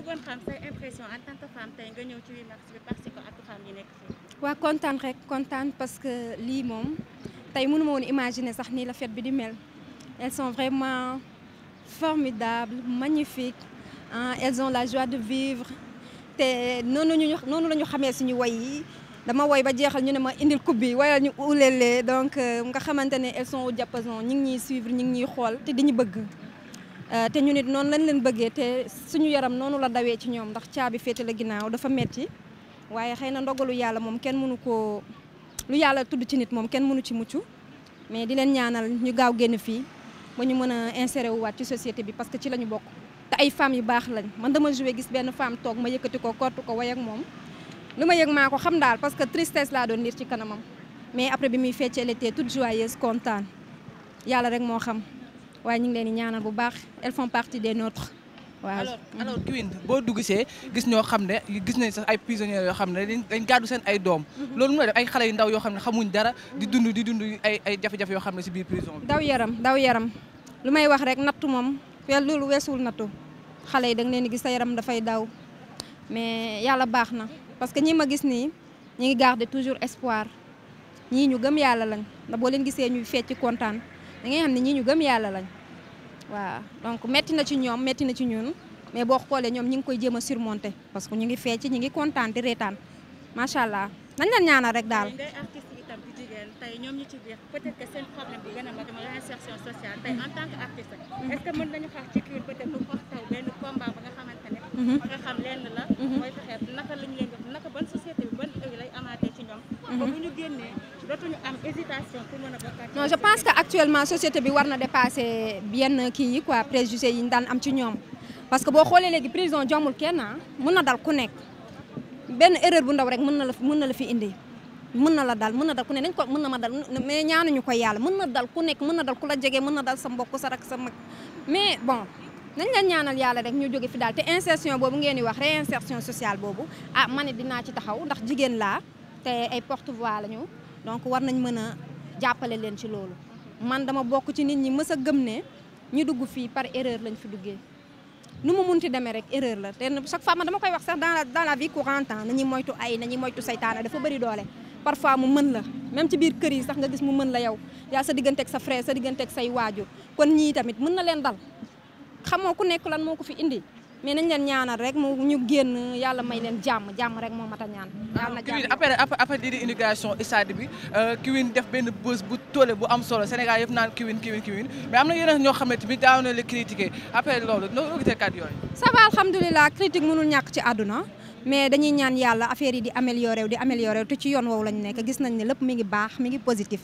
bëggoon xam say en tant que ñëw ci 8 mars bi parce que waa kontaan rek kontaan parce que lii moom tey mënu ma woon imaginer sax nii la fête bi di mel elles sont vraiment formidables magnifiques ah elles ont la joie de vivre te noonu ñu noonu la ñu xamee suñu woy yi dama woy ba jeexal ñu ne ma indil coupe bi wala ñu ulelee donc euh, nga xamante ne elles sont au diapason ñu ngi ñuy suivre ñu ngi ñuy xool te diñu bëgg. Euh, te ñu nit noonu lañ leen bëggee te suñu yaram noonu la dawee ci ñoom ndax caabi féete la ginnaaw dafa metti waaye xëy na ndogalu yàlla moom kenn mënu koo lu yàlla tudd ci nit moom kenn mënu ci mucc mais di leen ñaanal ñu gaaw génn fii ba ñu mën a insérer wuwaat ci société bi parce que ci la ñu bokk te ay femmes yu baax lañ man dama joué gis benn femme toog ma yëkkati ko kortu ko way ak moom lu ma yëg maa ko xam daal parce que tristesse laa doon liir ci kanamam mais après bi muy feccee elle était toute joyeuse kontaan yàlla rek moo xam waaye ñu ngi leen di ñaanal bu baax elles font partie des nôtres. waaw alors alors boo dugg see gis ñoo xam ne gis nañ sax ay prisonniers yoo xam ne dañ gàddu seen ay doom. Mhm. loolu mooy def ay xale yu ndaw yoo xam ne xamuñ dara di dund di dund ay ay jafe yoo xam ne si biir prison bi. daw yaram daw yaram lu may wax rek nattu moom wel loolu weesuwul nattu xale yi da leen di gis sa yaram dafay daw mais yàlla baax na parce que ñii ma gis nii ñi ngi de toujours espoir ñii ñu gëm yàlla lañ ndax boo leen gisee ñuy fecc kontaan da ngay xam ñii ñu gëm yàlla lañ. waaw donc metti na ci ñoom métti na ci ñun mais boo xoolee ñoom ñi ngi koy jéem a surmonter parce que ñu ngi ci ñu ngi kontaan di reetaan macha allah nañ la ñaana rek daal. tey ñoom ñi ci biir peut-être seen problème bi gën a mag mhm. ci mhm. lañ mhm. leen ñoom. ba bu ñu génnee. dootuñu am hésitation je pense que actuellement société bi war na dépasser yenn kii yi quoi préjugés yi ñu daan am ci ñoom parce que boo xoolee léegi prison jommul kenn ah mën na dal ku nekk benn erreur bu ndaw rek mën na la mën na la fi indi mën na la dal mun na dal ku nekk dañ ko mën na ma dal mais ñaanuñu ko yàlla mën na dal ku nekk mën na dal ku la jege mën na dal sa mbokk sa rak sa mag mais bon nañ leen ñaanal yàlla rek ñu jóge fi daal te insertion boobu ngeen di wax réinsertion sociale boobu ah man dinaa ci taxaw ndax jigéen laa te ay porte-voix lañu donc war nañ mën a jàppale leen ci loolu man dama bokk ci nit ñi mës a gëm ne ñu dugg fii par erreur lañu fi duggee nu mu mun ti demee rek erreur la te chaque fois man dama koy wax sax dans la dans la vie courante ah, nañuy moytu ay nañuy moytu saytaane dafa bari doole parfois mu mën la même ci biir kër yi sax nga gis mu mën la yow yaa sa digganteeg sa frère sa digganteeg say waajur kon ñii tamit mën na leen dal xamoo ku nekk lan moo ko fi indi mais nañ leen ñaanal rek mu ñu génn yàlla may leen jàmm jàmm rek moo mat a ñaan. Ah, yàlla na jàmm après après lii di immigration stade bi euh, kiwin def benn bës bu tolle bu am solo Sénégal yëpp naan kiwin kiwin kiwin am na yeneen ñoo xam ne tamit daaw na la après loolu noo gisee kàddu yooyu. ça va alhamdulilah critique ñàkk ci àdduna. mais dañuy ñaan yàlla affaire di amélioré di amélioré te ci yoon woowu lañu nekk gis nañ ne lépp mi ngi baax mi ngi positif